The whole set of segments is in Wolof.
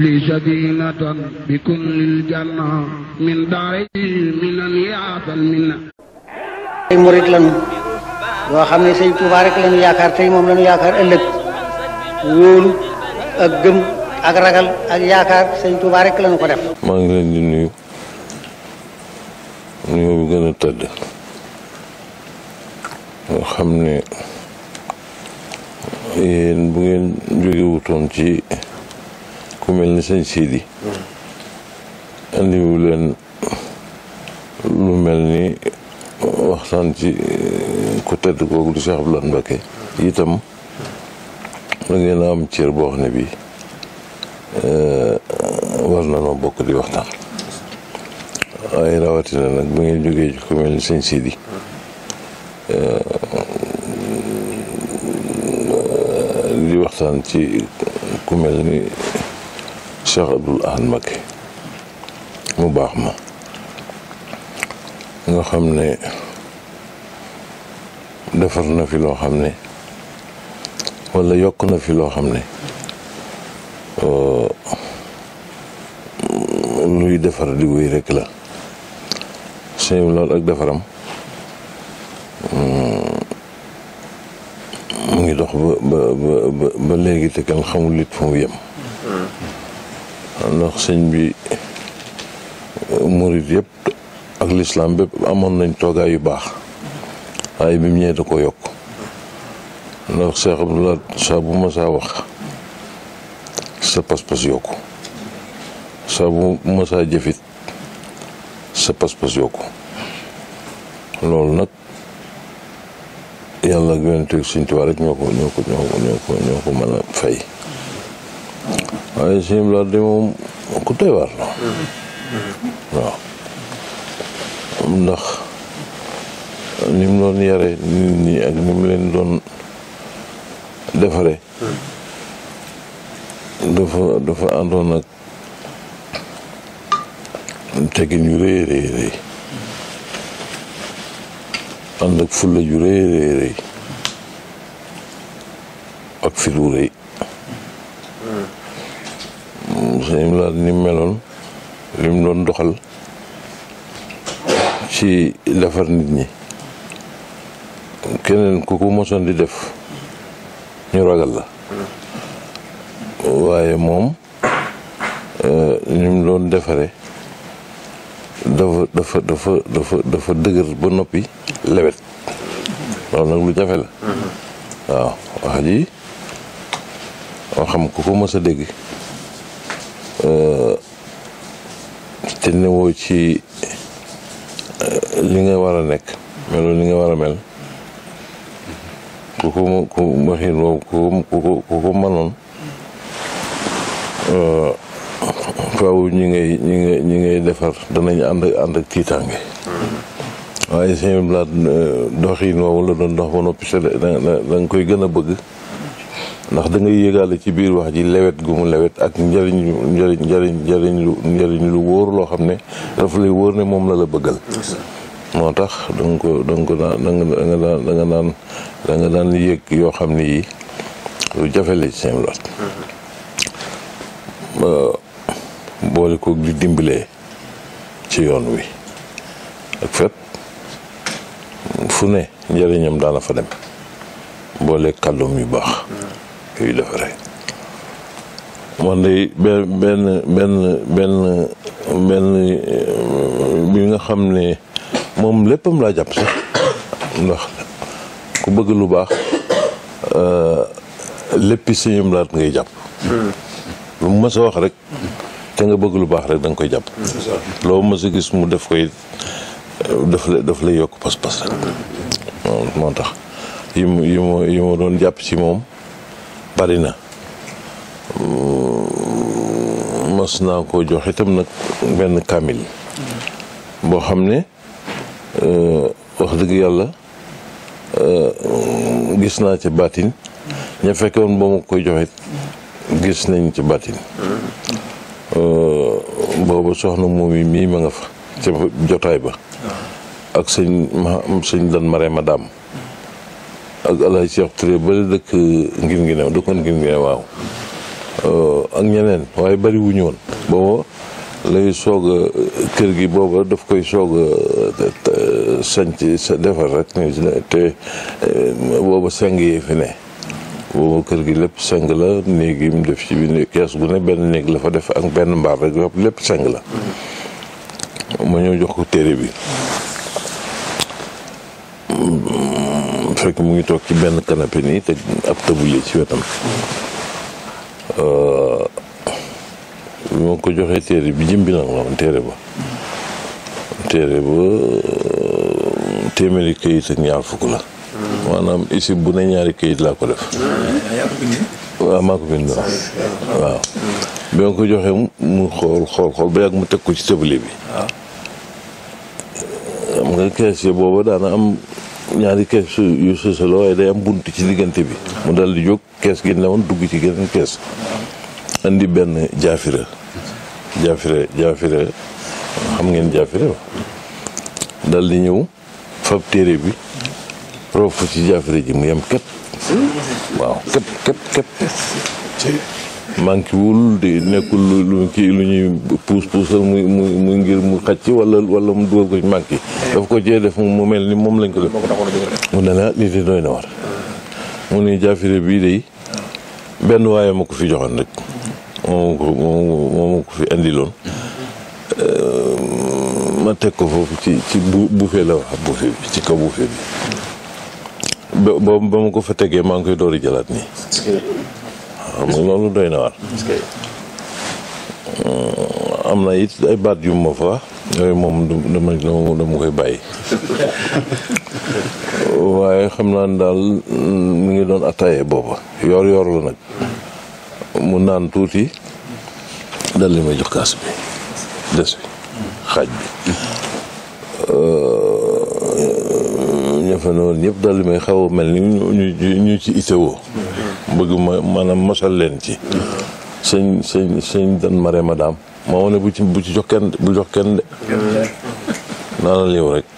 li sadinatan bi kun lil min daari minan yaatal minna ay murit lañu yoo xam ne sëñ Tuubaa rek lañu yaakaar tey moom lañu yaakaar ëllëg wóolu ak gëm ak ragal ak yaakaar sëñ Tuubaa rek lañu ko def maa ngi leen nuyu nuyu bu gën a tëdd xam ne yéen bu ngeen jógewutoon ci ku mel ni sëñ Sidi andiwu lu mel ni waxtaan ci ku tedd kooku du Cheikh Abdoulaye Mbacké itam da ngeen a am cër boo xam ne bii eh, war na noo bokk di waxtaan waaye rawatina nag bu ngeen jógee ci ku mel ni sëñ Sidi eh, di waxtaan ci ku mel ni Cheikh Abdoul Ahad Mbacké mu baax ma nga xam ne defar na fi loo xam ne walla yokk na fi loo xam ne euh, luy defar di wéy rekk la sëñ loolu ak defaram hmm, mu ngi dox ba ba ba léegi te kenn xamul it fu mu yem hmm. ndax sëñ bi eh, murit yëpp ak lislaam bépp amoon nañ toogaay yu baax waaye bi mu ñëwee da ko yokk ndax Cheikh Abdoulaye saa bu ma wax sa pas-pas yokku saa bu ma saa sa pas-pas yokku loolu nag yàlla ak yonent ak Sëñ Tuubaa rek ñoo ko ñoo ko ñoo ko ñoo ko mën a fay waaye Sëñ Abdou Lahad de moom ku doy waar la waaw ndax ni doon yare nit ak ni leen doon defare dafa dafa àndoon ak teggin yu rëy rëy rëy ànd ak fulla rëy rëy ak fi lu rëy sëñ meloon li doon doxal ci defar nit ñi keneen ku ko mosoon di def ñu ragal la waaye moom ni eh, mu doon defaree dafa dafa dafa dafa dëgër ba noppi lewet loolu nag lu jafe la mm-hmm. waaw wax ji xam ku ko mës dégg Euh, te newoo ci euh, li nga war a nekk meloo li nga war a mel ku ko ku waxin woowu euh, ñi ngay ñi ngay ñi ngay defar danañ ànd ak ànd ak tiitaange waaye seen i doxin woowu la doon dox ba noppi da nga koy gën a bëgg ndax dangay yégal yëgaale ci biir wax ji lawet gu mu lewet ak njëriñ njëriñ njëriñ njëriñ lu njëriñ lu wóor loo xam ne dafa lay wóor ne moom la la bëggal moo tax da nga ko da danga ko daan da yoo xam ne yi lu jafe la ci seen lot boole koog di dimbalee ci yoon wi ak fet fu ne njëriñam daana fa dem boole kàllum yu baax yuy defaree man de benn benn benn bi nga xam ne moom léppam laa jàpp sax ndax ku bëgg lu baax euh, léppi siñum laat ngay jàpp lu mu mës a wax rek te nga bëgg lu baax rek da nga koy jàpp loo mës a gis mu def koy daf la daf lay yokk pas-pas rek moo tax yi mu yi ma doon jàpp ci moom bari na mas naa ko jox itam nag benn kaamil boo xam ne euh, wax dëgg yàlla euh, gis naa ci baatin ña fekke woon ma koy joxit gis nañ ci baatin euh, boobu soxna moom yi mii ma nga fa ca jotaay ba ak sëñ ma sëñ dan mare ak Alaaji Cheikh Touré bale dëkk ngir ngi new dëkkoon ngir ngi new euh, ak ñeneen waaye bari wuñu woon booba soog a kër gi booba daf koy soog a sanc sa defar rek te euh, booba seng yi fi ne booba kër gi lépp seng la néeg yi mu def ci bi kees gu ne benn néeg la fa def ak benn mbaar rek lépp seng la ma ñëw jox ko téere bi fekk mu ngi toog ci benn canapé nii te ab tablier ci wetam euh, bi ma ko joxee téere bi jëm bi nag téere ba téere ba téeméeri këyit ak ñaar fukk la maanaam isib bu ne ñaari këyit laa ko def waaw maa ko bind waaw bi ma ko joxee mu xool xool xool ba yàgg mu teg ko ci tablier bi xam nga kees yi daana am ñaari kees yu sësaloo waaye day am bunt ci diggante bi mu dal di jóg kees gi ne woon dugg ci geneen kees andi benn jaafira jaafira jaafira xam ngeen jaafira ba dal di ñëw fab téere bi prof ci jaafira ji mu yem képp waaw képp képp képp manqué wul di nekkul lu kii lu ñuy puus puusal muy ngir mu xacc wala wala mu dugal ko ci manqué daf ko cee def mu mel ni moom lañ ko def mu ne la lii de doy na bii day benn waaye ma ko fi joxoon rek moom fi indiloon ehm, ma teg ko foofu ci ci bu la wax buufee bi ci kaw buufee bi ba ba ma ko fa tegee maa ngi koy door a jëlaat nii xam nga loolu doy na waar. Euh, am na it ay baat yu ma fa yooyu moom dama koy bàyyi waaye xam naa ni daal mu mm, ngi doon attaaya booba yor yor la nag mu naan tuuti dal li may jox kaas bi des bi xaaj bi euh, ñëfe ne dal li may xaw mel ni ñu ñu ci itewoo bëgg ma maanaam mosal leen ci sëñ sëñ sëñ dan mare madame maa ma ne bu ci bu ci jox kenn bu jox kenn de rek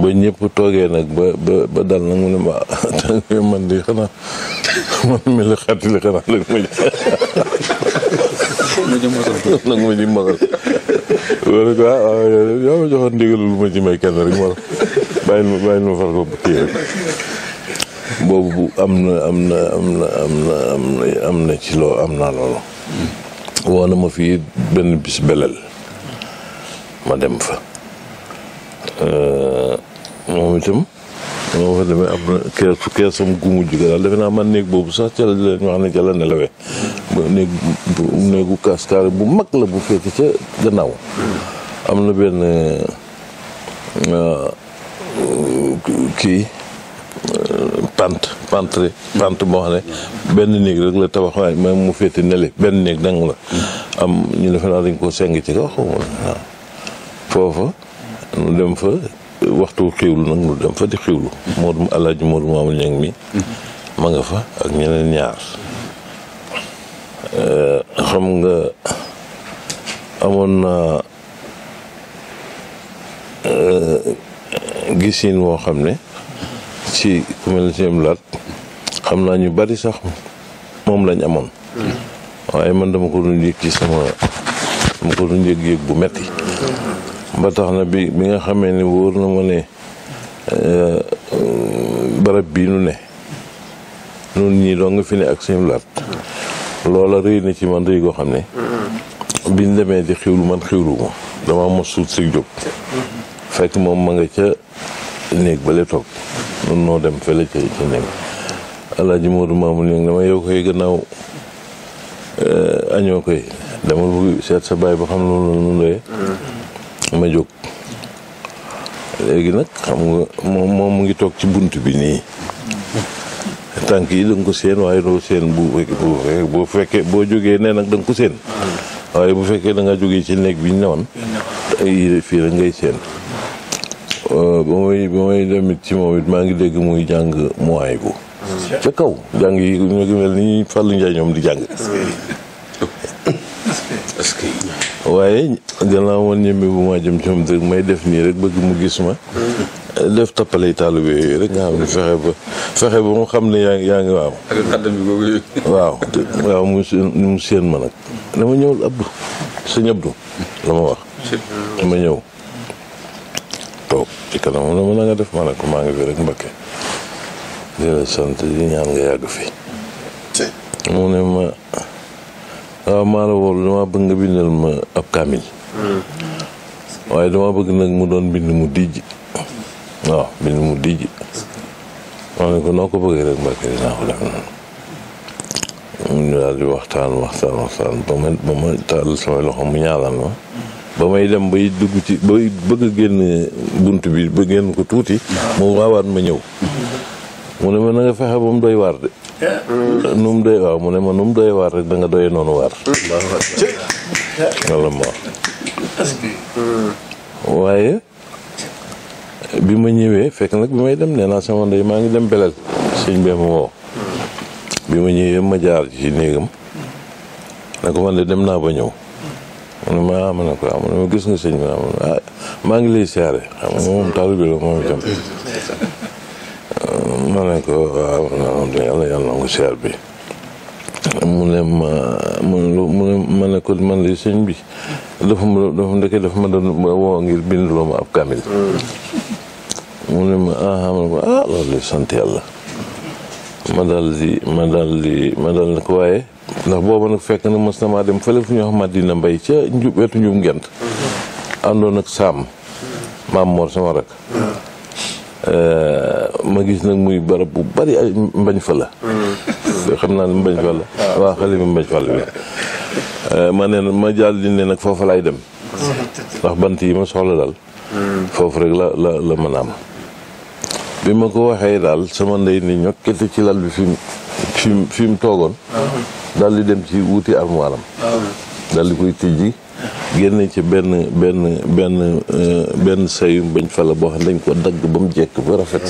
ba ñëpp toogee nag ba ba ba dal nag mu ne ma man di xanaa man mi li xanaa nag ma ji nag ah, ah, lu ma ci may kenn rek ma bàyyil bàyyil ma far ko kii rek boobu am na am na am na am na am na am na ci loo am naa loolu woo na ma fii benn bis belal ma dem fa moom itam moo fa demee am na keesu keesam naa man néeg boobu sax ca la ñu ne ca bu mag la bu féete ca gannaaw am na benn kii pant pant pant boo ne benn néeg rek la tabax waaye mu féete nele benn néeg dang la am ñu defe naa dañ ko seng ci kaw xawma fa waxtu xiwlu nag nu dem fa di mi ma fa ak ñeneen ñaar xam nga amoon na gisin woo xam ne ci ku mel ne si laat xam naa ñu bari sax moom lañ amoon. waaye man dama ko doon yëg ci sama dama ko yëg bu metti ba tax na bi bi nga xamee ni wóor na ma ne euh, barab bii nu ne nun ñii doo nga fi ne ak suñu laat loola rëy na ci man rëy goo xam ne biñ demee di xiwlu man xiwlu ma dama mos suut jóg fekk moom ma nga ca néeg bale toog nun noo dem fële ca ca nekk alaaji Modou Mamoun ñu dama yow koy gannaaw eh, añoo koy dama bëgg seet sa baay ba xam loolu la ñu ma jóg léegi nag xam nga moom mu ngi toog ci bunt bi nii tànk yi da ko seen waaye doo seen bu fekkee boo jógee nee nag da ko seen mm-hmm. waaye bu fekkee da nga ci néeg bi ñu newoon fii rek ngay seen ba may demit ci moom it maa ngi dégg muy jàng mooy bu ca kaw jàng yi ñu ngi ni Fallou Ndiaye ñoom di jàng waaye gannaaw woon ñembe bu ma jëm ci moom rek may def nii rek bëgg mu gis ma def tappalay taalibe yooyu rek nga xam ne fexe ba mu xam ne yaa ngi yaa ngi waaw waaw mu mu ma nag dama ñëw Abdou sëñ Abdou la ma wax dama ñëw toog ci kanam la mën na nga def ma ne ko maa ngi fi rek Mbacké di sant di ñaan nga yàgg fi mu ne ma waaw maa la woolu damaa bëgg nga bindal ma ab kaamil hmm. waaye dama bëgg nag mu doon mbind mu dijj waaw bind mu dijj ma ne ko noo ko bëggee rek Mbacké dinaa ko def noonu ñu daal di waxtaan waxtaan waxtaan ba ma taal sama loxo mu ñaanal ma ba may dem bay dugg ci bay bëgg génn bunt bi ba génn ko tuuti mu waawaat ma ñëw mu ne ma na fexe ba mu doy waar de nu mu doy waaw mu ne ma nu mu doy waar rek da nga doyee noonu waar wala ma waaye bi ma ñëwee fekk nag bi may dem nee naa maa ngi dem belel sëñ bee ma woo bi ma ñëwee ma jaar ci néegam na ko man de dem naa ba ñëw man ah, ah, ah, maa ngi la moom bi. mu ne ma mu ko man lay sëñ bi. dafa ma dafa dafa ma doon woo ngir bindloo ma ab kaamil. mu ne ma ah ah loolu sant yàlla. ma daal di ma daal di ma daal ko waaye. ndax booba nag fekk na mos na maa dem fële fu ñuy wax Madina Mbay ca njub wetu njub ngent àndoon ak saam maam Mor sama rak euh, ma gis nag muy barab bu bari ay mbañ fa la mm-hmm. xam naa ne mbañ fa la ah. waaw euh, ma neen ma jàll di ne nag foofa laay dem mm-hmm. ndax bant yi ma soxla daal mm-hmm. foofu rek la la la mën am bi ma ko waxee daal sama ndey ni ñokkete ci lal bi fi fi mu fi mu toogoon. dal di dem ci wuti armoire am. daal di koy tijji. génne ci benn benn benn euh, benn sayum bañ fa la boo xam dañ ko dagg ba mu jekk rafet.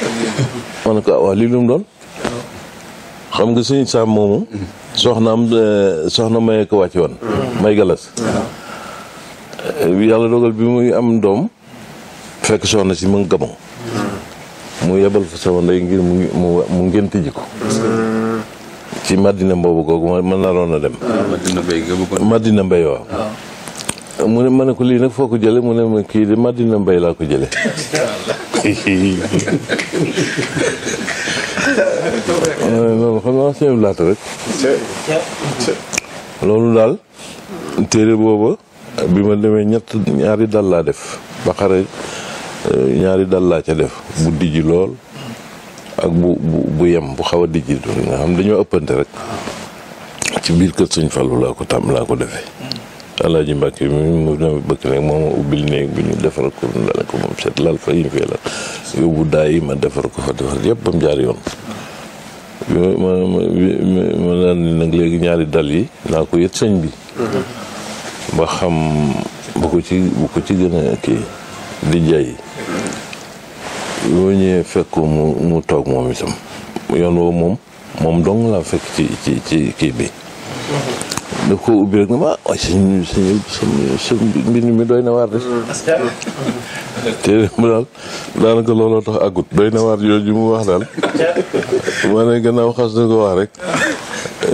ma ne ko ah, waaw xam nga suñu saam moomu. soxnaam euh, soxna maye ko wàcce woon. Mm. may galas. Mm. yàlla dogal bi muy am doom. fekk soxna si mu ngi mu yebal fa sama ndey ngir mu mu ngénte ji ko ci Madina mboobu googu man naroon a dem Madina Mbay waaw ah. mu ne ma ne ko lii nag foo ko jële mu ne ma kii de Madina Mbay laa ko jële loolu daal téere booba bi ma demee ñett ñaari dal laa def ba xare Euh, ñaari dal laa ca def bu dijj lool ak bu bu yem bu xaw a dijj nga xam dañoo ëppante rek ci biir kër sëñ Fallou laa ko tam laa ko defe Alaaji Mbàkke mi mu ne bëgg néeg ñu defar ko dana ko moom seet lal fa yi fee lal yóbbu daay yi ma defar ko fa defar yëpp ba mu jaar yoon. ma ma ma daan nag léegi ñaari dal yi naa ko yët sëñ bi. Mm-hmm. ba xam bu ko ci bu ko ci gën a kii di boo ñëwee fekk mu mu toog moom itam yoon woowu moom moom dong laa fekk ci ci ci kii bi. daf ko ubbi rek na ma ah suñu suñu suñu mbind mi doy na waar de. te mu daal daanaka looloo tax àggut doy na waar yooyu mu wax daal ma ne gannaaw xas na ko wax rek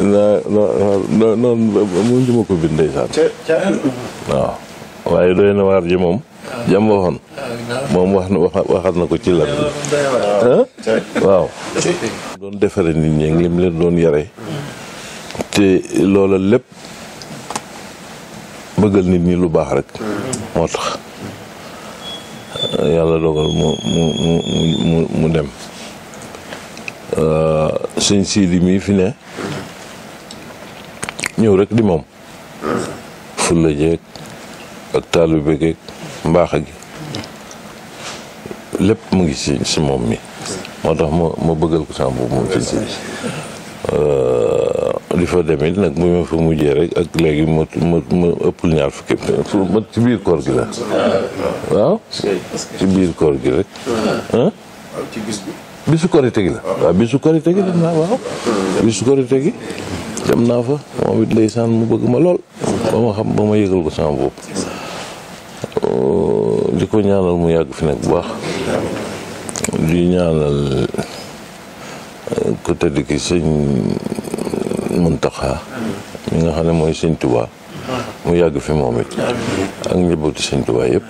naa naa noonu mujj ma ko bind ndeysaan waaw waaye doy na waar ji moom. jam waxoon moom wax na waxat na ko ci lan waaw doon defare nit ñi lim leen doon yare te loola lépp bëggal nit ñi lu baax rek moo tax yàlla dogal mu mu mu mu dem sëñ Sidi mii fi ne ñëw rek di moom fulla jeeg ak taalu begeeg mbaax gi lépp mu ngi ci si moom mi moo tax ma ma bëggal ko sama bopp moom ci ci euh, li fa demit nag bu ma fa mujjee rek ak léegi ma ma ma ëppul ñaar fukki ma ci biir koor gi la waaw ci biir koor gi rek ah bisu korite gi la waaw bisu korite naa waaw bisu korite gi dem naa fa moom it ndeysaan mu bëgg ma lool ba ma xam ba ma yëgal ko sama bopp di ko ñaanal mu yàgg fi nag bu baax di ñaanal ku tedd ki sëñ Muntaxa mi nga xam ne mooy sëñ Tuubaa mu yàgg fi moom it ak njabootu sëñ Tuubaa yëpp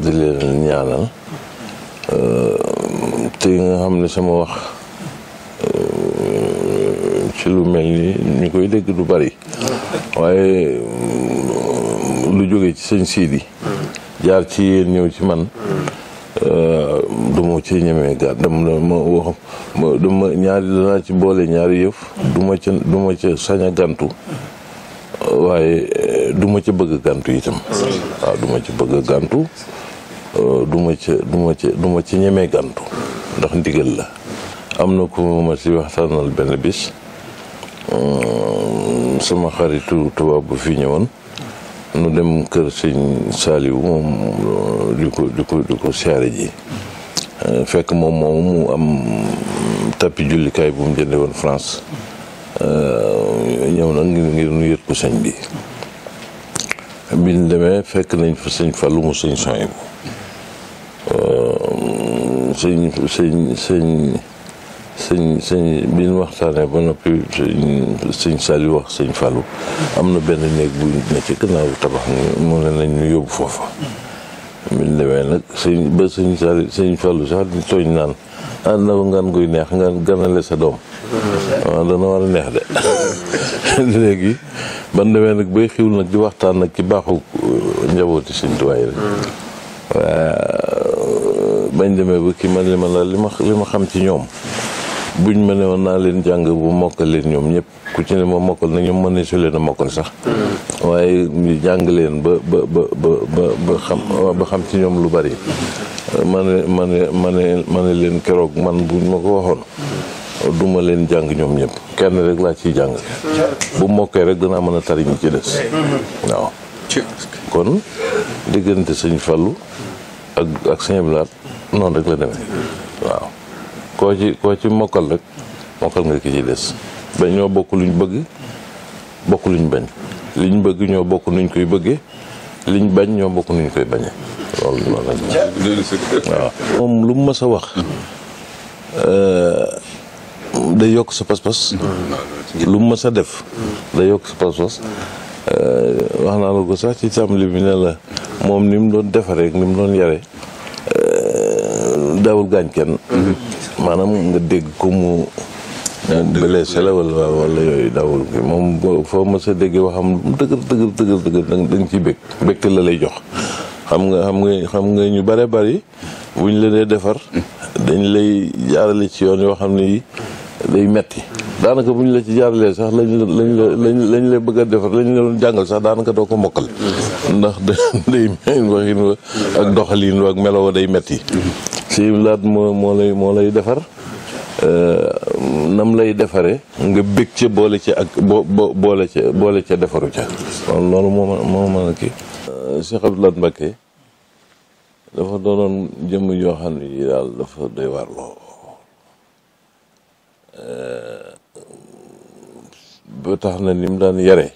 di leen ñaanal te nga xam ne sama wax ci lu mel ni ñu koy dégg du bari waaye lu jóge ci sëñ Sidi. jaar ci yéen ñëw ci man. Euh, du ma ci ñemee gàtt dama ci boole ñaari yëf. du ma ca du ma ca sañ a waaye duma ci bëgg gantu gàntu itam. waaw du ma bëgg a gàntu. Euh, du ma ca ma ca du ma ca ñemee gàntu. ndax ndigal la. am na ko ma si waxtaanal benn bis. Euh, suma xaritu tubaab bu fi ñëwoon. nu dem kër sëñ Saliou moom di ko di ko di ji euh, fekk moom moom mu am tapis jullikaay bu mu jëndee woon France euh, ñëw na ngir ngir nu yët ko sëñ bi biñ demee fekk nañ fa sëñ Fallou mu sëñ Soyibu euh, sëñ sëñ sëñ sëñ bi ñu waxtaanee ba noppi sëñ Saliou wax sëñ Fallou am na benn néeg bu ne ci gannaaw tabax ni mu ne nañ ñu yóbbu foofa min nag sëñ ba sëñ Saliou sëñ Fallou sax di tooñ naan na ah, ndaw ngaan neex nga ganale sa doom waaw dana war a neex de léegi ban demee nag bay xiwul nag di waxtaan nag ci baaxu uh, njabooti sëñ Tuubaa yi rek waaw bañ demee bu ki man li ma la li ma xam ci ñoom buñ ma ne woon naa leen jàng bu mokkal leen ñoom ñëpp ku ci ne ma mokkal na ñoom mën ne su leen a mokkal sax mm. waaye ñu jàng leen ba ba ba ba xam ba xam ci ñoom lu bari ma ne ma ne ma ne leen keroog man buñ ma ko waxoon duma leen jàng ñoom ñëpp kenn rek laa ciy jàng mm. bu mokkee rek danaa mën a tariñ ci des mm-hmm. waaw kon diggante sëñ falu ak ak sëñ Ablaat noonu rek la demee mm. waaw koo ci koo ci mokkal rek mokkal nga ki ci des ba ñoo bokk luñ bëgg bokk luñ bañ liñ bëgg ñoo bokk nuñ koy bëggee liñ bañ ñoo bokk nuñ koy bañee loolu loolu la moom lu mu mës a wax euh, day yokk sa pas-pas lu mu mës a def day yokk sa pas-pas euh, wax naa la ko sax ci tàmbali bi ne la moom ni mu doon defaree ni mu doon yare euh, dawul gaañ kenn maanaam nga dégg ko mu. Ah, blessé la wala wala yooyu dawul moom foo ma sa waxam dëgër dëgër dëgër dëgër da ciy bég bégte la lay jox xam nga xam nga xam nga ñu bare bari bu ñu la dee defar dañ lay jaarale ci yoon yoo xam ni yi metti daanaka bu ñu la ci jaaralee sax lañ lañ lañ lañ lay bëgg a defar lañ la doon jàngal sax daanaka doo ko mokkal mm-hmm. ndax day waxin ak doxalin wa ak melo day metti Sëñ Abdou Lahad moo moo lay moo lay defar euh, nam lay defare nga bég ca boole ca ak bo boole ca boole ca defaru ca loolu loolu moo ma a kii euh, Cheikh Abdou Lahad Mbacké dafa doonoon jëmm yoo xam ne yi daal dafa doy waar loo euh, ba tax na ni mu daan yare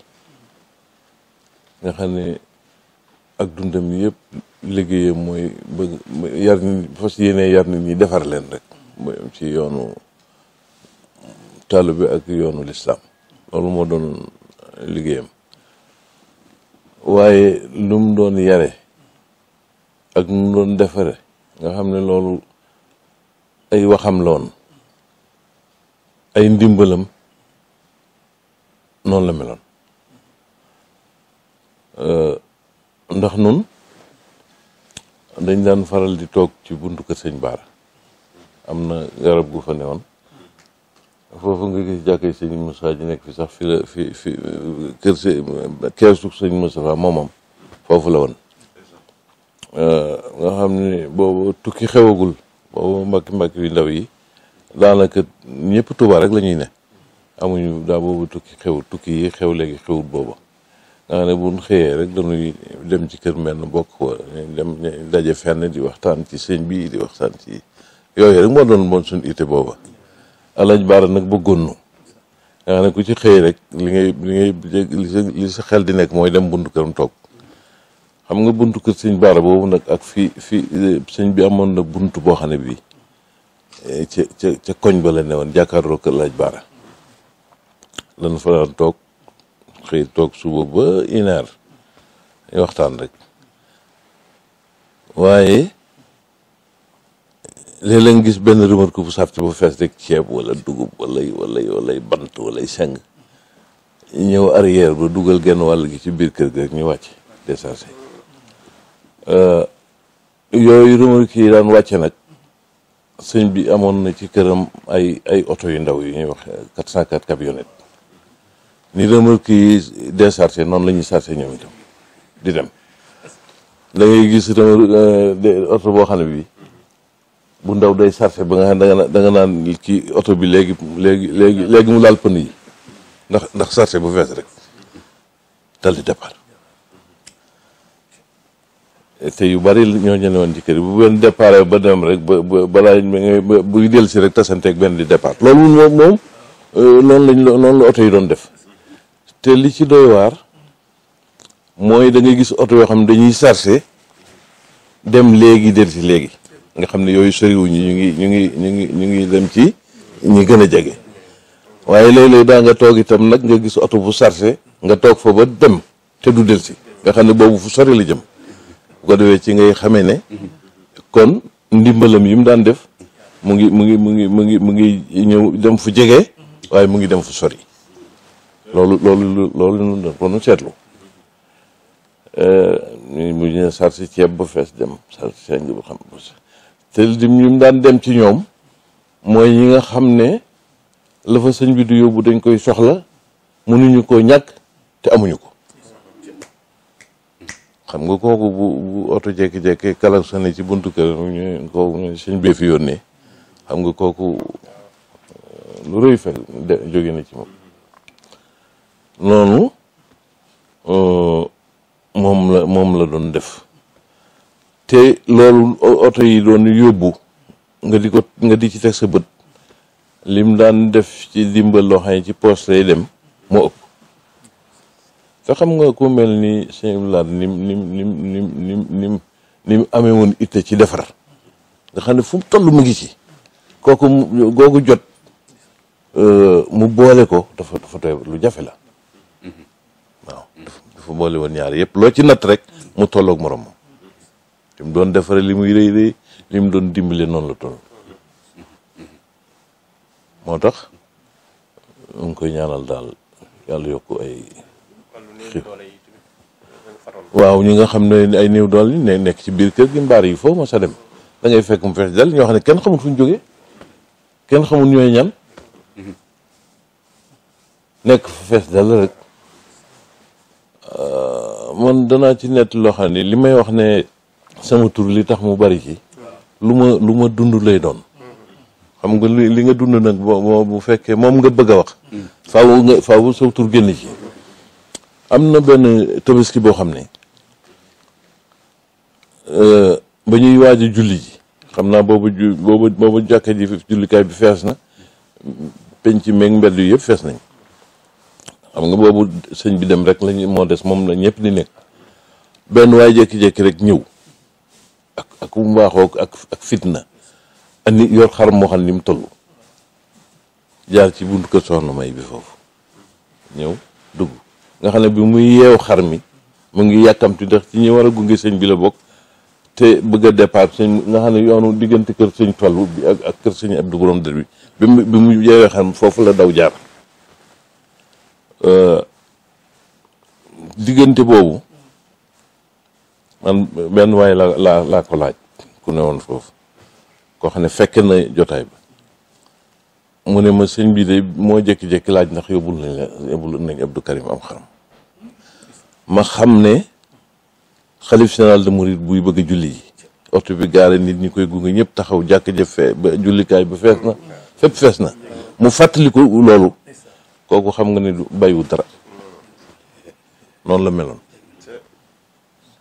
nga xam ne ak dundam yëpp liggéeyam mooy bëgg yar nit fas yéene yar nit ñi defar leen rek mooy yoonu ci bi ak yoonu lislaam loolu moo doon liggéeyam waaye lu doon yare ak nu mu doon defare nga xam ne loolu ay waxam loon ay ndimbalam noonu la meloon ndax nun dañ daan faral di toog ci buntu kër sëñ Baara am na garab gu fa newoon foofu nga gis jàkkee sëñ Moussa ji nekk fi sax fi la fi fi kër si keesu sëñ moom moomam foofu la woon euh, nga xam ne boobu tukki xewagul boobu mbàkki mbàkki yu ndaw yi daanaka ñëpp Tuubaa rek lañuy ne amuñu daa boobu tukki xew tukki yi xew léegi xewut booba danga ne buñ xëyee rek dañuy dem ci kër mel bokk wala dem daje fenn di waxtaan ci sëñ bii di waxtaan ci yooyu rek moo doon moon suñu ité booba alaaj baara nag bëggoon nu nga ne ku ci xëy rek li ngay li sa xel di nekk mooy dem buntu këram toog xam nga bunt kër sëñ baara boobu nag ak fi fi sëñ bi amoon na buntu boo xam ne bii eh, ca ca ca koñ ba la ne woon jàkkaarloo kër alaaj baara la fa daan toog xëy toog suba ba une heure waxtaan rek waaye léeg-léeg gis benn remarque bu sàrti bu fees rek ceeb walla dugub wala wala wala bant wala seng ñëw arrière ba dugal genn wàll gi ci biir kër gi rek ñu wàcc déchargé euh, yooyu remarque yi daan wàcce nag sëñ bi amoon na ci këram ay ay oto yu ndaw yu ñuy wax quatre cent quatre camionnette ni remorque yi déchargé noonu lañuy ñuy chargé ñoom itam di dem dangay gis remorque oto boo xam ne bii bu ndaw day chargé ba nga xam ne da nga naan ci oto bi léegi léegi léegi léegi mu laal pën yi ndax ndax chargé bu fees rek dal di départ te yu bari ñoo ñëw woon ci kër yi bu benn départ ba dem rek ba balaa bu dellu si rek tasanteeg benn di départ. loolu moom moom euh, noonu lañ noonu la oto yi doon def. te li ci doy waar mooy da gis oto yoo xam ne dañuy chargé dem léegi del si léegi nga xam ne yooyu soriwuñu ñu ngi ñu ngi ñu ngi ñu ngi dem ci ñi gën a jege waaye léeg-léeg daa nga toog itam nag nga gis oto bu chargé nga toog fa ba dem te du del si nga xam ne boobu fu sori la jëm bu ko defee ci ngay xamee ne kon ndimbalam yi mu daan def mu ngi mu ngi mu ngi mu ngi mu ngi ñëw dem fu jege waaye mu ngi dem fu sori loolu loolu loolu ñun dañ ko seetlu eh, ñu mu ñu sar si ceeb ba fees dem sar si seng ba xam daan dem ci ñoom mooy ñi nga xam ne la sëñ bi du yóbbu dañ koy soxla mënuñu koo ñàkk te amuñu ko xam nga kooku bu bu oto jékki-jékki kala sa ne ci buntu kër ñu kooku sëñ bee fi yónnee xam nga kooku eh, lu rëy fa jóge na ci moom noonu euh, moom la moom la doon def te loolu oto yi doon yóbbu nga di ko nga di ci teg sa bët lim daan def ci dimbal loo xam ne ci poos moo te xam nga ko mel ni sëñ Abdoulaye nim nim nim nim nim nim ni mu amee woon itte ci defar nga xam ne fu mu toll mu ngi ci kooku googu jot euh, mu boole ko dafa dafa doy lu jafe la dafa boole woon ñaar yëpp loo ci natt rek mu tolloog moroom moom mu doon defaree li muy rëy rëy li mu doon dimbale noonu la toll moo tax mu ngi koy ñaanal daal yàlla yokku ay xib waaw ñi nga xam ne ay néew dool ne nekk ci biir kër gi mbaar yi foofu ma sa dem da fekk mu fees dal ñoo xam ne kenn xamul fu ñu jógee kenn xamul ñooy ñan nekk fa fees dal rek Euh, man danaa ci nett loo xam li may wax ne sama tur li tax mu bari ci lu ma lu ma dund lay doon xam nga li li nga dund nag boo bu fekkee moom nga bëgg a wax hmm. faaw nga faaw tur génn ci am na benn tabaski boo xam ne euh, ba ñuy waaj a julli ji xam naa boobu ju boobu boobu jàkka ji jullikaay bi fees na penc meeg mbedd yi yëpp fees nañ xam nga boobu sëñ bi dem rek lañu moo des moom la ñëpp ni nekk benn waaye jékki-jékki rek ñëw ak ak mu ak fitna andi yor xar moo xam ni mu toll jaar ci buntu kër soxna may bi ñëw dugg nga ne bi muy yeew xar mi mu ngi yàkkamti ndax ci ñi war a gunge sëñ bi la bokk te bëgg a départ sëñ nga xam ne yoonu diggante kër sëñ toll bi ak ak kër sëñ Abdou Borom Dër bi bi mu yeewee xar mi foofu la daw jaar Euh, diggante boobu man benn waay la laa laa ko laaj ku ne woon foofu koo xam ne fekk na jotaay ba mu ne ma sëñ bi de moo jékki-jékki laaj ndax yóbbul nañ la yóbbul nañ Karim am xaram ma xam ne xalif général de Mouride buy bëgg a julli ji oto bi gaare nit ñi koy gunge ñëpp taxaw jàkk jëf fee ba jullikaay ba fees na fépp fees na mu fàttaliku loolu kooku xam nga ni bàyyiwu dara noonu la meloon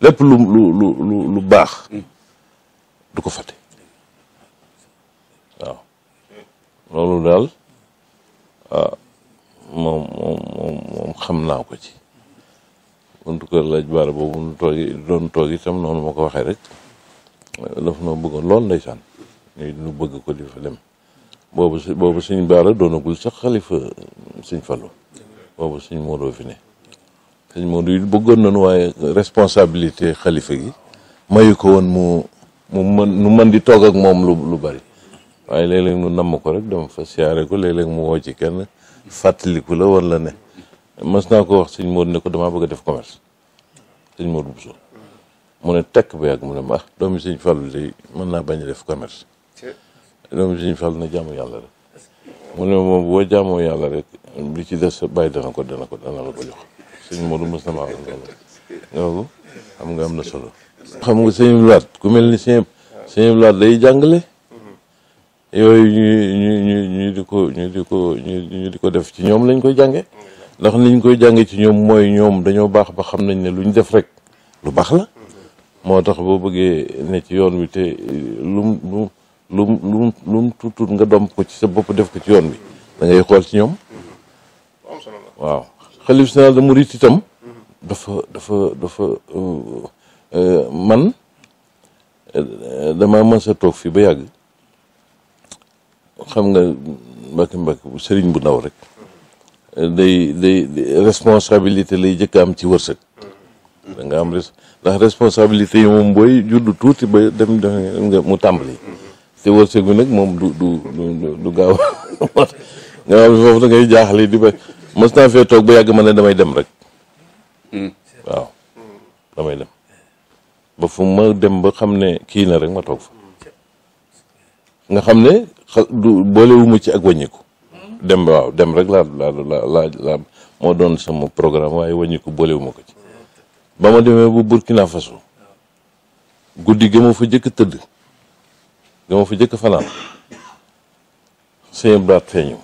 lépp lu lu lu lu baax du ko fàtte waaw loolu daal ah, moom moom xam naa ko ci buntu kër laaj baara boobu nu toog doon toog itam noonu ma ko waxee rek dafa noo bëggoon lool ndeysaan ñu bëgg ko di fa dem boobu si boobu suñ baara doonagul sax xalifa suñ falo boobu suñ moodoo fi ne suñ moodoo yi bëggoon nañu waaye responsabilité xalifa gi mayu ko woon mu mu mën nu mën di toog ak moom lu lu bari waaye léeg-léeg nu ma ko rek dama fa siyaare ko léeg-léeg mu woo ci kenn fàttaliku la war la ne mas naa ko wax suñ Modou ne ko damaa bëgg a def commerce suñ Modou Bousso mu ne tekk ba yàgg mu ne ma ah doomi suñ Fallou de mën naa bañ a def commerce doomu Sëriñ Fall na jaamu yàlla rek mu ne moom boo jaamoo yàlla rek li ci des sa bàyyi dana ko dana ko dana la ko jox sëñ Modou mos na maa nga am na solo. xam nga sëñ Blaat ku mel ni sëñ sëñ Blaat day jàngale. yooyu ñu ñu ñu di ko ñu di ko ñu di ko def ci ñoom lañ koy jànge ndax liñ koy jànge ci ñoom mooy ñoom dañoo baax ba xam nañ ne lu ñu def rek lu baax la. moo tax boo bëggee ne ci yoon wi te lu lu mu lu mu tuut tuut nga domp ko ci sa bopp def ko ci yoon bi da ngay xool ci ñoom waaw xalif général de murit itam dafa dafa dafa euh, euh, man euh, dama mën sa toog fii ba yàgg xam nga mbàkki mbàkki bu sëriñ bu ndaw rek day day responsabilité lay jëkk am ci wërsëg da nga am ndax responsabilité yi moom booy judd tuuti ba dem nga mu tàmbali te wërsëg bi nag moom du du du du gaaw nga xam ne foofu da ngay jaaxle di ba mës naa fee ba yàgg ma ne damay dem rek hmm. waaw damay dem ba fu ma dem ba xam ne kii na rek ma toog fa nga xam ne du boolewuma ci ak wàññiku dem waaw dem rek laa laa laa moo doon sama programme waaye wàññiku boolewuma ko ci ba ma demee bu Burkina Faso guddi ga ma fa jëkk tëdd nga ma fa jëkk fanaan sëñ Abdou feeñu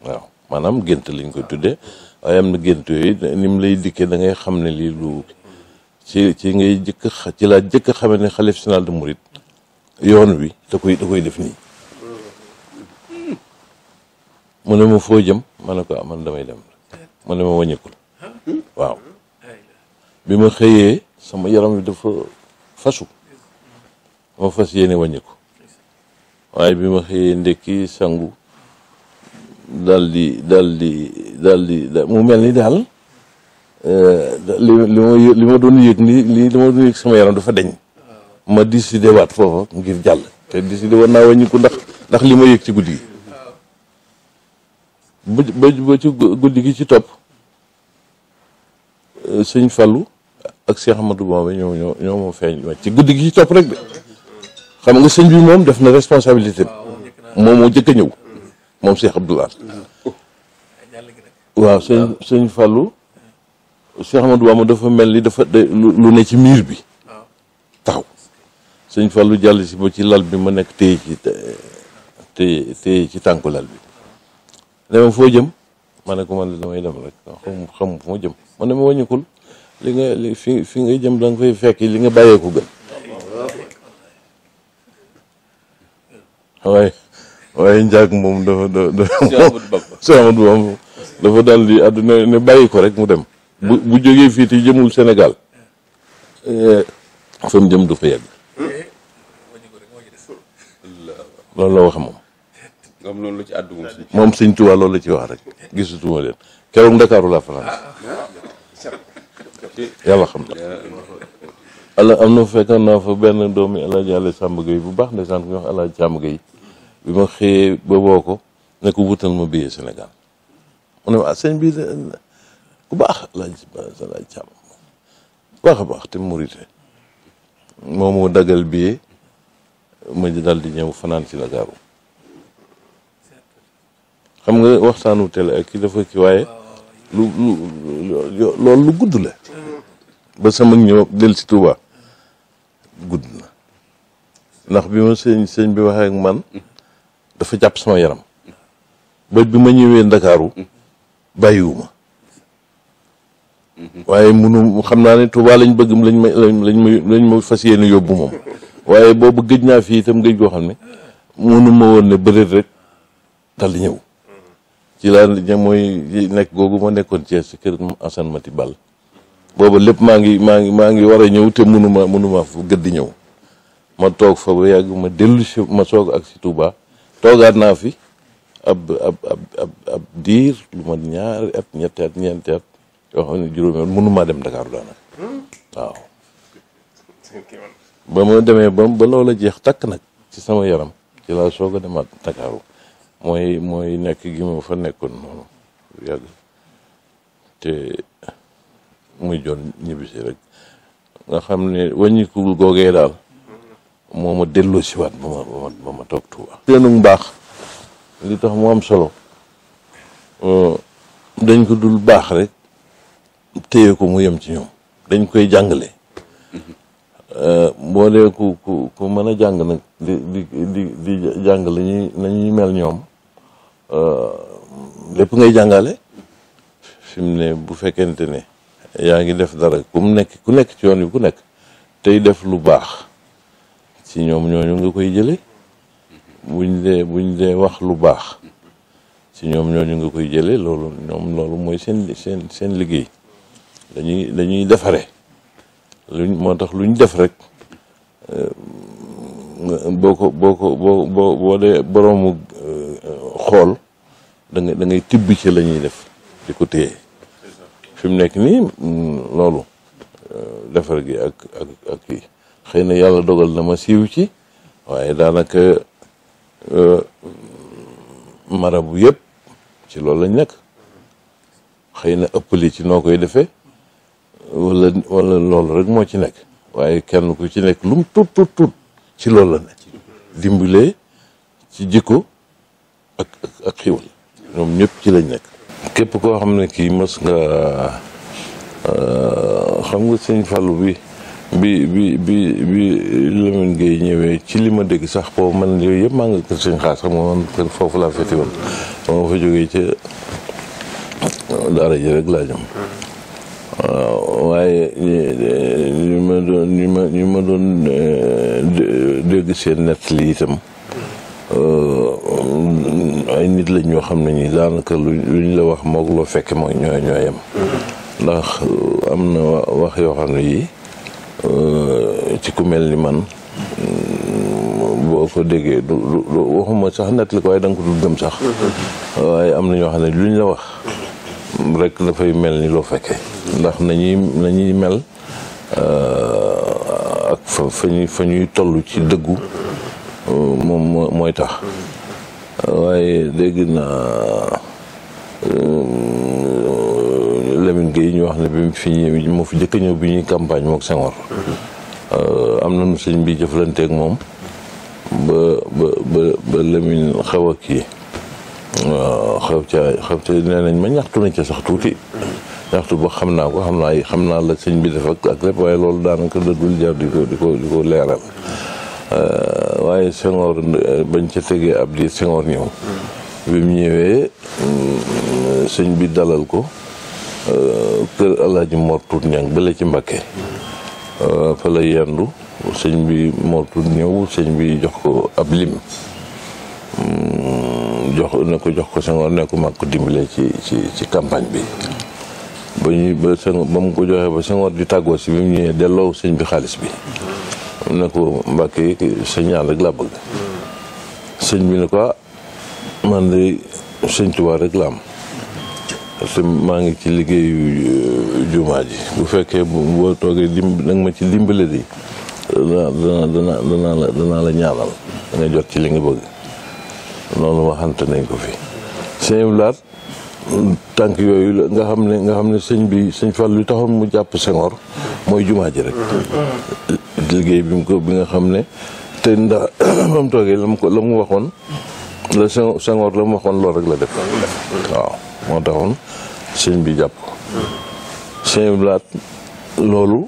waaw maanaam gént liñ koy tuddee waaye am na gént yooyu ni mu lay dikkee da ngay xam ne lii lu ci ngay jëkk ci laa jëkk xamee ne xalif de murit yoon wi da koy koy def nii mu ne ma foo jëm ma ne ko ah, man damay dem mu ne ma wàññeekul waaw bi ma xëyee sama yaram wi dafa fasu ma fas yéene wàññiku waaye bi ma xëyee ndekki sangu daal di daal mu mel ni daal eh, li li ma doon yëg ni li ma doon yëg sama yaram dafa deñ ma décidé waat ngir jàll te décidé war naa wàññiku ndax li ma yëg ci guddi gi ci gi ci topp eh, sëñ falu ak Cheikh Amadou Bamba ñoo ñoo ñoo ma feeñ ci guddi gi ci topp rek de xam nga sëñ bi moom def na responsabilité moom moo jëkk a ñëw moom Cheikh Abdoul Ahad waaw sëñ sëñ Fallou Cheikh Amadou dafa mel ni dafa lu ne ci miir bi taxaw sëñ Fallou jàll si ba ci lal bi ma nekk téye ci téye ci tànku lal bi ne foo jëm ma nekk ko man damay dem rek xam xam fu ma jëm ma ne ma wàññikul li nga fi fi nga jëm da nga fay fekk li nga bàyyeeku gën waaye waaye njaag moom dafa dafa dafa daal di àdduna ne bàyyi ko rek mu dem bu bu jógee fii te jëmul Sénégal eh, fa mu jëm du fa yegg loolu la wax moom loolu la ci àddu moom suñ. moom suñ Tuubaa loolu la ci wax rek gisatuma leen keroog Ndakaaru laa fanaan yàlla xam na. ala am na fekkoon naa fa benn doomi El Hadj Allé Samb bu baax ndeysaan ku ñuy wax El Hadj Samb bi ma xëyee ba woo ko ne ko wutal ma billet Sénégal mu ne ma ah, sëñ bi ku baax laaj laaj baax a baax te murite moom moo daggal billet ma dal di ñëw fanaan ci la gaaru xam nga waxtaanu télé ak ki dafa ki waaye lu lu loolu lu gudd la ba sama ñëw del si Touba gudd na ndax bi ma sëñ sëñ bi waxee ak man dafa jàpp sama yaram ba bi ma ñëwee ndakaaru bàyyiwuma waaye munu xam naa ne Tuubaa lañ bëgg lañ ma lañ ma lañ ma fas yéene yóbbu moom waaye boobu gëj naa fii itam gëj goo xam ne munu ma woon ne bëreet rek dal di ñëw ci laa ña mooy nekk googu ma nekkoon ci si kër Assane Mati Ball booba lépp maa ngi maa ngi maa ngi war a ñëw te munu ma munu ma gëdd ñëw ma toog fa ba yàgg ma dellu si ma soog ak si Tuubaa toogaat naa fi ab ab diir lu ma ñaari at ñetti at ñeenti at yoo xam ne mënumaa dem Dakar daanaka waaw. ba ma demee ba ba loola jeex takk nag ci sama yaram ci laa soog a demaat Dakaaru mooy mooy nekk gi ma fa nekkoon noonu yàgg te muy joon ñibbisi rek nga xam ne wàññi ku googee daal. moo ma delloo si waat ba ma ba ma toog Tuuba seenu mbaax li tax mu am solo euh, dañ ko dul baax rek téye ko mu yem ci ñoom dañ koy jàngale euh, boo dee ku ku mën a jàng nag di di jàng la ñuy la ñuy mel ñoom euh, lépp ngay jàngale fi mu ne bu fekkente ne yaa ngi def dara ku mu nekk ku nekk ci yoon wi ku nekk tey def lu baax ci ñoom ñooñu nga koy jële buñ dee buñ dee wax lu baax ci ñoom ñooñu ngi koy jële loolu ñoom loolu mooy seen seen seen liggéey dañuy dañuy defare luñ moo tax luñ def rek euh, boo ko boo ko boo boo boo dee boroomu euh, xool da nga da ngay tibb ci la ñuy def di ko téye fi nekk nii mm, loolu euh, defar gi ak ak ak kii xëy na yàlla dogal na ma siiw ci waaye daanaka euh, mara bu yépp ci loolu lañ nekk xëy na ëppali ci noo koy defe wala wala loolu rek moo ci nekk waaye kenn ku ci nekk lum tut tut tut ci lool la ne dimbalee ci jikko ak ak xiwal ñoom ñëpp ci lañ nekk képp koo xam ne kii mos nga euh, xam nga sëñ Fallou bi bi bi bi bi Lamine Gueye ñëwee ci li ma dégg sax boobu man yooyu yëpp maa nga kër sëñ xaas xam nga man foofu laa féete woon moo fa jógee ca daara ji rek laa jëm waaye li ma doon li ma li ma doon eh, dégg seen nett itam eh, ay nit lañ yoo xam ne ñi daanaka luñ la wax moog loo fekke mooy ñooy ñooyam ndax am na wax yoo xam ne yii Euh, ci ku mel ni man mm, boo ko déggee du waxuma sax nettali ko waaye da nga ko dul gëm sax mm-hmm. waaye am na ñoo xam ne luñ la wax rek dafay mel ni loo fekkee ndax nañuy nañuy mel euh, ak fa fa ñuy fa ci dëggu euh, moom mooy tax waaye dégg naa Lamine Gueye ñu wax ne bi mu fi mu fi jëkk ñëw bi ñuy campagne moo Senghor am nañu sëñ bi jëflanteeg moom ba ba ba ba Lamine xaw a kii waaw xaw ca xaw ca nee nañ ma ñaxtu nañ ca sax tuuti. ñaxtu ba xam naa ko xam naa ay xam naa la sëñ bi def ak waaye loolu daanaka dëggul jaar di ko di ko leeral. waaye Senghor bañ ca tegee ab diir Senghor ñëw. bi ñëwee sëñ bi dalal ko kër El Hadj Tuut Ñang ba la ci Mbakke. fa la yendu sëñ bi mortu ñëw sëñ bi jox ko ab lim mm, jox ne ko jox ko Senghor ne ko mag ko dimbale ci ci ci campagne bi ba ñuy ba Senghor ko joxee ba Senghor di tàggoo si bi mu delloo sëñ bi xaalis bi ne ko Mbàkke sa ñaan rek laa bëgg sëñ bi ne ko ah man de sëñ Tuubaa rek la am te maa ngi ci liggéeyu euh, jumaa ji bu fekkee boo toogee dim nag ma ci dimbale di dana dana dana la ñaanal da jot ci li nga bëgg noonu waxante nañ ko fi sëñ Blaat tànk yooyu nga xam ne nga xam ne sëñ bi sëñ Fallu lu taxoon mu jàpp Senghor mooy jumaa ji rek liggéey bi ko bi nga xam ne te ndax mu toogee la mu ko la mu waxoon la Senghor la mu waxoon loolu rek la def waaw moo taxoon sëñ bi jàpp ko sëñ Blaat loolu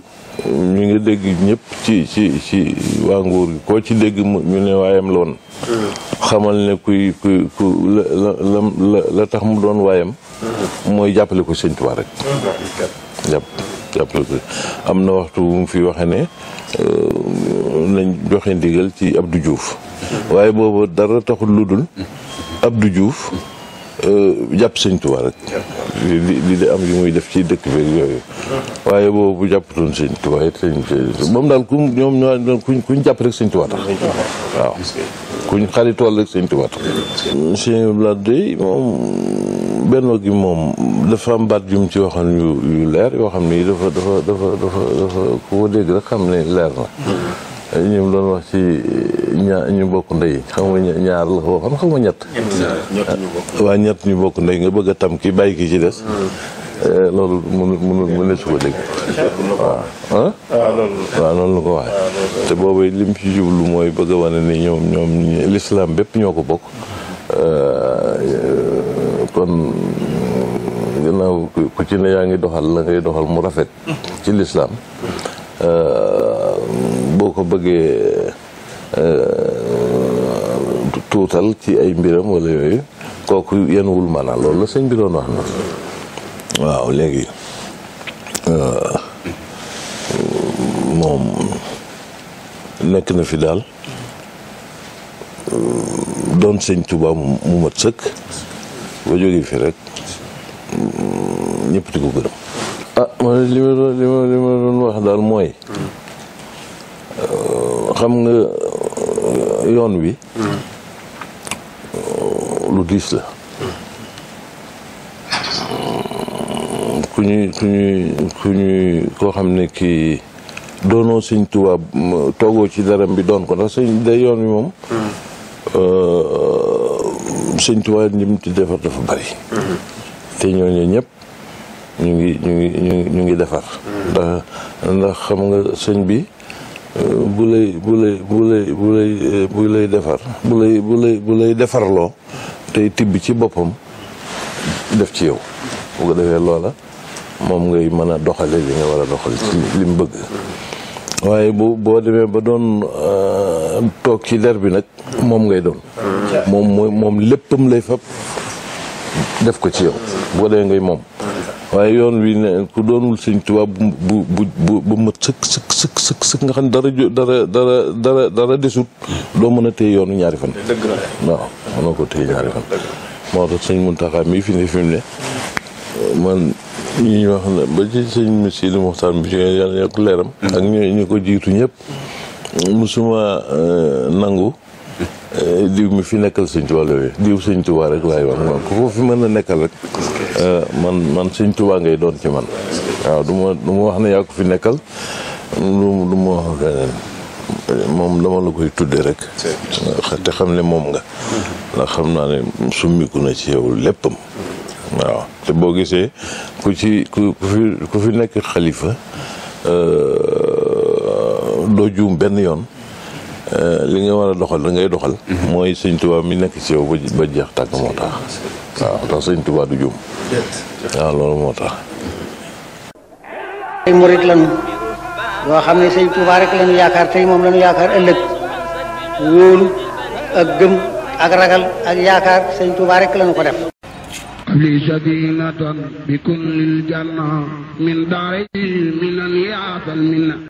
ñu ngi dégg ñëpp ci ci ci waa nguur gi koo ci dégg ñu ne waayam loon xamal ne kuy ku ku la la la la tax mu doon waayam mooy jàppale ko sëñ Tuubaa rek jàpp jàppale ko am na waxtu mu fi waxe ne euh, nañ joxe ndigal ci Abdou juuf waaye boobu dara taxul lu dul abdu juuf Euh, jàpp sëñ Tuubaa rek li am yu muy def ci dëkk bi yooyu waaye boobu jàppatoon sëñ Tuubaa it moom daal ku ñoom ñoo kuñ kuñ jàpp rek sëñ kuñ xaritool rek sëñ Tuubaa tax sëñ Abdoulaye Dey moom benn gi moom dafa am baat jum ci waxoon yu leer yoo xam ni dafa dafa dafa ku ko dégg rek xam ne leer na ñu mu doon wax ci eh, ñaar ñu bokk ndey xam nga ñaar la ko waxoon xam nga ah, waa ñett ñu bokk ndey nga bëgg a tam ki bàyyi ki ci des. Eh, loolu mënu mënu mënees ko dégg. waaw ah. ah waaw ko waxee. Ah, te boobu li mu ci jublu mooy bëgg a wane ni ñoom ñoom lislaam bépp ñoo ko bokk. Eh, kon gannaaw ku ci ne yaa ngi doxal la ngay doxal mu rafet. ci lislaam boo ko bëggee euh, tuutal ci ay mbiram wala yooyu kooku yenuwul maanaam loolu la sëñ bi wax na waaw léegi euh, moom nekk na fi daal euh, doon sëñ Tuubaa mu mat sëkk ba jógee fi rek ñëpp di ko ah li ma li ma doon wax daal mooy xam nga euh, yoon wi hmm. lu diis la hmm. ku ñuy ku ñuy koo xam ne kii doonoo sëñ Tuubaa toogoo ci daram bi doon ko ndax sëñ day yoon wi moom hmm. euh, sëñ Tuubaa ñim ci defar dafa bari te ñooñu ñëpp ñu ngi ñu ngi ñu ngi defar ndax ndax xam nga sëñ bi bu lay bu lay bu lay bu lay eh, bu lay defar bu lay bu lay bu lay defarloo tey tibb ci boppam def ci yow bu ko defee loola moom ngay mën a doxale li nga war a doxale ci li bëgg waaye bu boo demee ba doon eh, toog ci der bi nag moom ngay doon moom mooy moom léppam lay fab def ko ci yow bu dee ngay moom waaye yoon wi ne ku doonul sëñ Tuubaa bu bu bu bu sëkk sëkk sëkk nga xam ne dara dara dara dara dara desut doo mën a téye yoonu ñaari fan. dëgg la waaw ko téye ñaari fan. moo tax sëñ Muntaxa mii fi ne fi mu ne man ñi wax ne ba ci sëñ monsieur li Moxtaar bi ci yàlla yokk mm. ak ñu ko jiitu ñëpp. Euh, nangu. Eh, diw mi fi nekkal sëñ Tuubaa la diw sëñ Tuubaa rek laay wax ku ko fi mën a nekkal rek eh, man man sëñ Tuubaa ngay doon ci man waaw du ma wax ne yaa ku fi nekkal moom dama la koy tuddee rek te xam ne moom nga ndax xam naa ne summiku na ci yow léppam waaw te boo gisee ku ci ku fi ku fi nekk xalifa eh, doo juum benn yoon Euh, li nga war a doxal da ngay doxal. Mhm. mooy sëñ Tuubaa mi nekk ci yow ba jeex tàkk moo tax. waaw ndax sëñ Tuubaa du juum. waaw loolu moo tax. ay murit lañu yoo xam ne sëñ Tuubaa rek lañu yaakaar tey moom lañu yaakaar ëllëg wóolu ak gëm ak ragal ak yaakaar sëñ Tuubaa rek lañu ko def. li sadinatan bi kun lil janna min daari minan yaatal minna